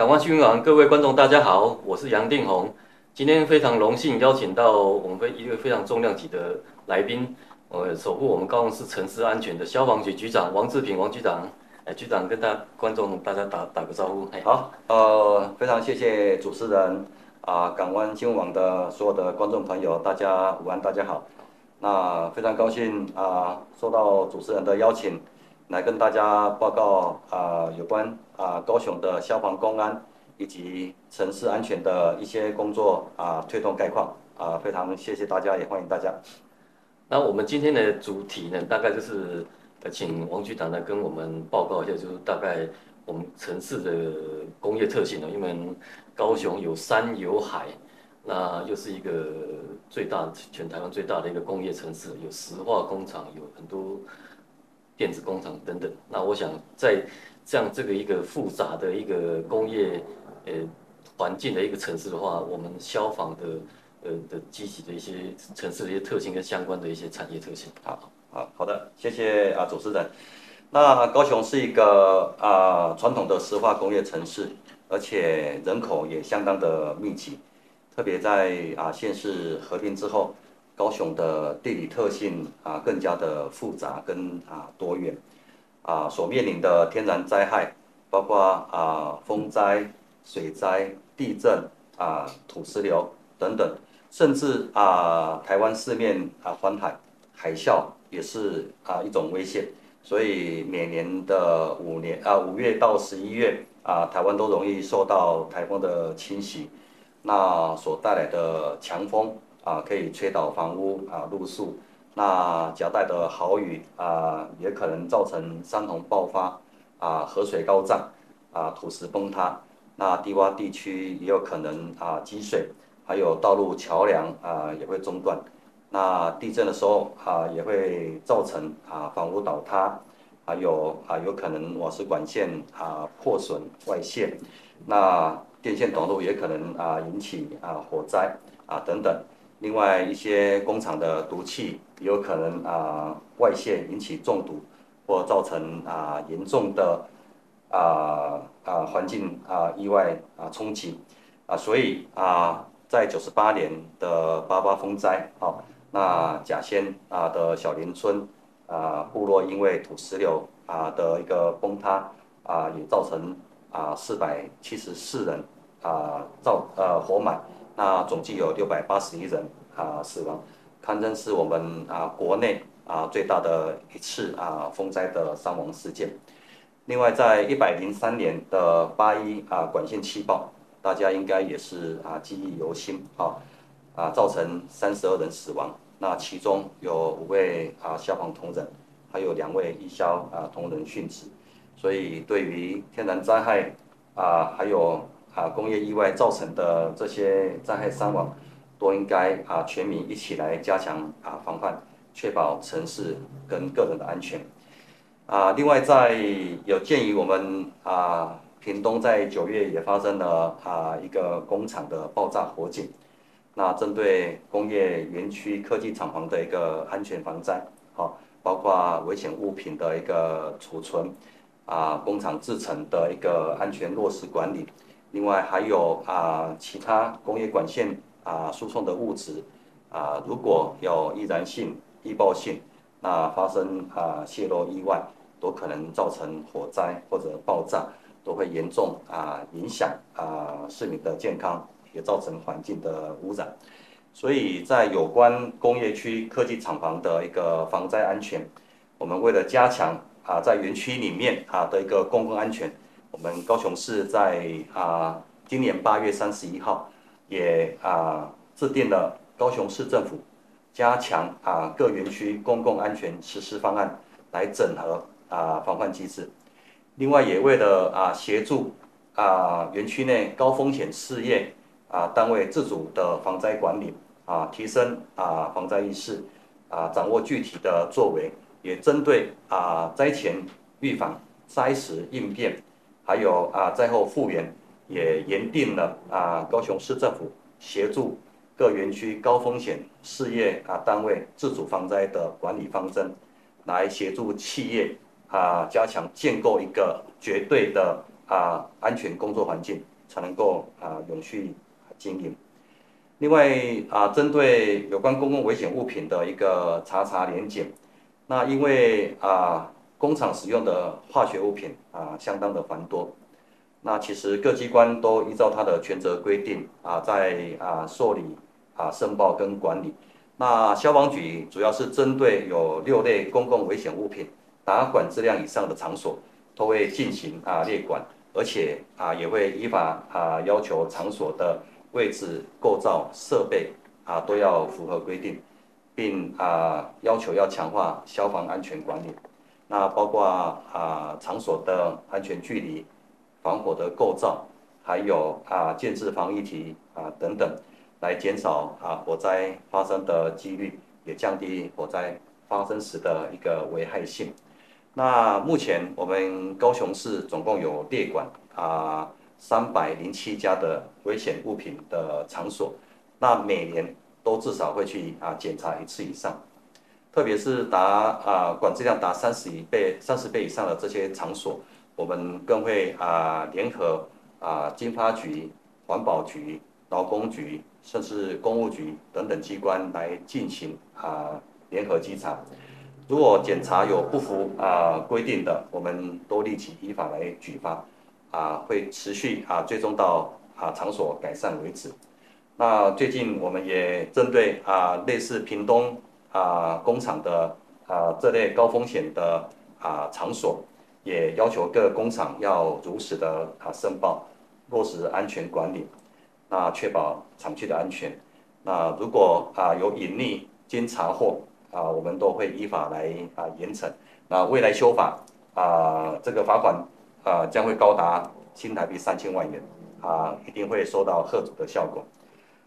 港灣新聞網各位觀眾，大家好，我是楊定紘。今天非常榮幸邀請到我們一個非常重量級的來賓，呃，守護我們高雄市城市安全的消防局局長王志平王局長。呃、局長跟大觀眾大家打打個招呼。哎、好，呃，非常謝謝主持人啊、呃，港灣新聞網的所有的觀眾朋友，大家午安，大家好。那非常高興啊、呃，受到主持人的邀請。來跟大家報告啊、呃，有關啊、呃、高雄的消防、公安以及城市安全的一些工作啊、呃，推動概況啊、呃，非常謝謝大家，也歡迎大家。那我們今天的主題呢，大概就是、呃、請王局長來跟我們報告一下，就是大概我們城市的工業特性呢，因為高雄有山有海，那又是一個最大全台灣最大的一個工業城市，有石化工廠，有很多。電子工廠等等，那我想在這樣這個一個複雜的一個工業呃環境的一個城市的話，我們消防的呃的積極的一些城市的一些特性跟相關的一些產業特性，好好好的，謝謝啊主持人，那高雄是一個啊傳統的石化工業城市，而且人口也相當的密集，特別在啊縣市合併之後。高雄的地理特性啊，更加的複雜跟啊多元，啊所面臨的天然災害，包括啊風災、水災、地震啊、土石流等等，甚至啊台灣四面啊環海，海嘯也是啊一種危險，所以每年的五年啊五月到十一月啊，台灣都容易受到颱風的侵襲，那所帶來的強風，啊，可以吹倒房屋啊，路樹。那夾帶的豪雨啊，也可能造成山洪爆發啊，河水高漲啊，土石崩塌。那低洼地區也有可能啊積水，還有道路橋梁啊也會中斷。那地震的時候啊，也會造成啊房屋倒塌，還有啊有可能瓦斯管線啊破損外泄，那電線短路也可能啊引起啊火災啊等等。另外一些工廠的毒氣有可能啊、呃、外泄，引起中毒或造成啊嚴、呃、重的啊啊環境啊、呃、意外啊、呃、衝擊啊、呃，所以啊、呃，在九十八年的八八風災啊、呃，那甲仙啊、呃、的小林村啊、呃、部落因為土石流啊、呃、的一個崩塌啊、呃，也造成啊四百七十四人啊、呃、遭呃活埋。那總計有六百八十一人啊、呃、死亡，堪稱是我們啊國內啊最大的一次啊風災的傷亡事件。另外，在一百零三年的八一啊管線氣爆，大家應該也是啊記憶猶新哈啊，啊，造成三十二人死亡，那其中有五位啊消防同仁，還有兩位義消啊同仁殉職。所以，對於天然災害啊還有。啊，工業意外造成的這些災害傷亡，都應該啊，全民一起來加強啊防範，確保城市跟個人的安全。啊，另外在有鑑於我們啊，屏東在九月也發生了啊一個工廠的爆炸火警，那針對工業園區科技廠房的一個安全防災，好、啊，包括危險物品的一個儲存，啊，工廠製程的一個安全落實管理。另外還有啊、呃，其他工業管線啊、呃、輸送的物質啊、呃，如果有易燃性、易爆性，那、呃、發生啊、呃、泄漏意外，都可能造成火災或者爆炸，都會嚴重啊、呃、影響啊、呃、市民的健康，也造成環境的污染。所以在有關工業區、科技廠房的一個防災安全，我們為了加強啊、呃、在園區裡面啊、呃、的一個公共安全。我們高雄市在啊今年八月三十一號也，也啊制定了高雄市政府加強啊各園區公共安全實施方案，來整合啊防範機制。另外也為了啊協助啊園區內高風險事業啊單位自主的防災管理啊提升啊防災意識啊掌握具體的作為，也針對啊災前預防、災時應變。還有啊，災後復原也研定了啊，高雄市政府協助各園區高風險事業啊單位自主防災的管理方針，來協助企業啊加強建構一個絕對的啊安全工作環境，才能夠啊永續經營。另外啊，針對有關公共危險物品的一個查察聯檢，那因為啊。工廠使用的化學物品啊，相當的繁多。那其實各機關都依照它的權責規定啊，在啊受理啊申報跟管理。那消防局主要是針對有六類公共危險物品，達管制量以上的場所都會進行啊列管，而且啊也會依法啊要求場所的位置、構造、設備啊都要符合規定，並啊要求要強化消防安全管理。那包括啊、呃、場所的安全距離、防火的構造，還有啊建置防液堤啊等等，來減少啊火災發生的幾率，也降低火災發生時的一個危害性。那目前我們高雄市總共有列管啊三百零七家的危險物品的場所，那每年都至少會去啊檢查一次以上。特別是達啊管制量，達三十一倍三十倍以上的這些場所，我們更會啊聯合啊經發局、環保局、勞工局，甚至公務局等等機關來進行啊聯合稽查。如果檢查有不符啊規定的，我們都立即依法來舉發，啊會持續啊追蹤到啊場所改善為止。那最近我們也針對啊類似屏東。啊、呃，工廠的啊、呃、這類高風險的啊、呃、場所，也要求各工廠要如實的啊、呃、申報，落實安全管理，那、呃、確保廠區的安全。那、呃、如果啊、呃、有隱匿、經查獲啊、呃，我們都會依法來啊、呃、嚴懲。那、呃、未來修法啊、呃，這個罰款啊將會高達新台幣三千萬元，啊、呃、一定會收到嚇阻的效果。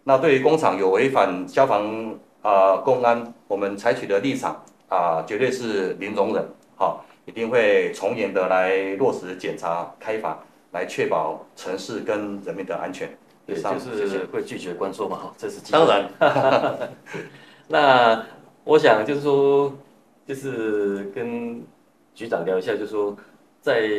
那對於工廠有違反消防，啊、呃，公安，我們採取的立場啊、呃，絕對是零容忍，好，一定會從嚴的來落實檢查開罰，來確保城市跟人民的安全。對、對，就是會拒絕關說嘛，哈謝，這是當然。 那我想就是說，就是跟局長聊一下，就是說在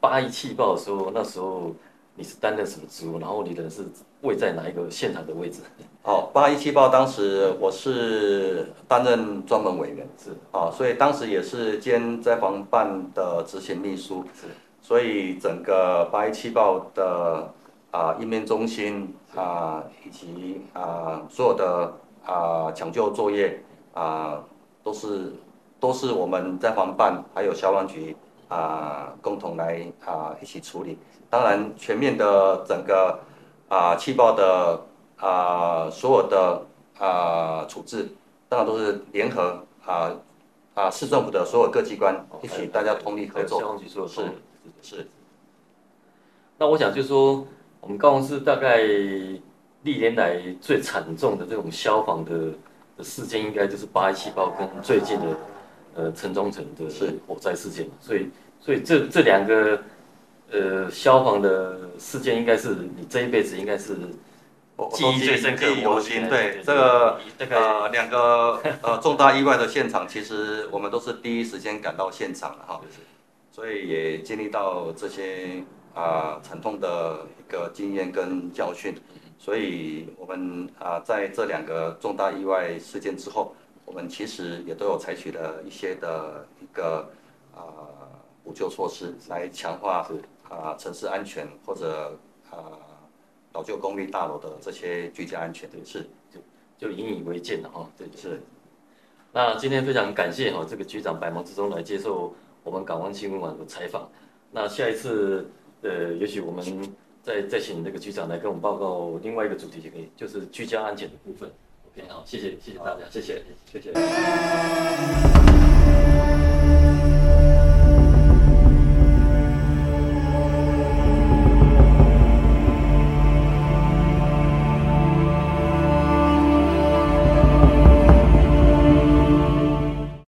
八一氣爆的時候，那時候。你是擔任什麼職務？然後你的人是位在哪一個現場的位置？哦，八一氣爆當時我是擔任專門委員，是啊、哦，所以當時也是兼災防辦的執行秘書，是，所以整個八一氣爆的啊、呃、應變中心啊是、呃、以及啊、呃、所有的啊、呃、搶救作業啊、呃、都是都是我們在防辦還有消防局。啊、呃，共同來啊、呃、一起處理。當然，全面的整個啊氣、呃、爆的啊、呃、所有的啊、呃、處置，當然都是聯合啊啊、呃、市政府的所有各機關一起，大家通力合作。是是。那我想就是說，我們高雄市大概歷年來最慘重的這種消防的事件，應該就是八一氣爆跟最近的。 呃，城中城的火災事件所以，所以這這兩個呃消防的事件應，應該是你這一輩子應該是我記憶最深刻、記憶猶新對，對對這個、這個、呃兩個呃重大意外的現場，其實我們都是第一時間趕到現場的哈，所以也經歷到這些啊、呃、慘痛的一個經驗跟教訓，所以我們啊、呃、在這兩個重大意外事件之後。我們其實也都有採取了一些的一個啊補救措施來強化啊城市安全，或者啊老舊公寓大樓的這些居家安全的是，就就引以為鑒了哈。對，是。是，那今天非常感謝哈這個局長百忙之中來接受我們港灣新聞網的採訪。那下一次呃，也許我們再再請那個局長來跟我們報告另外一個主題就可以，就是居家安檢的部分。好，謝謝，謝謝大家，好謝謝，謝謝。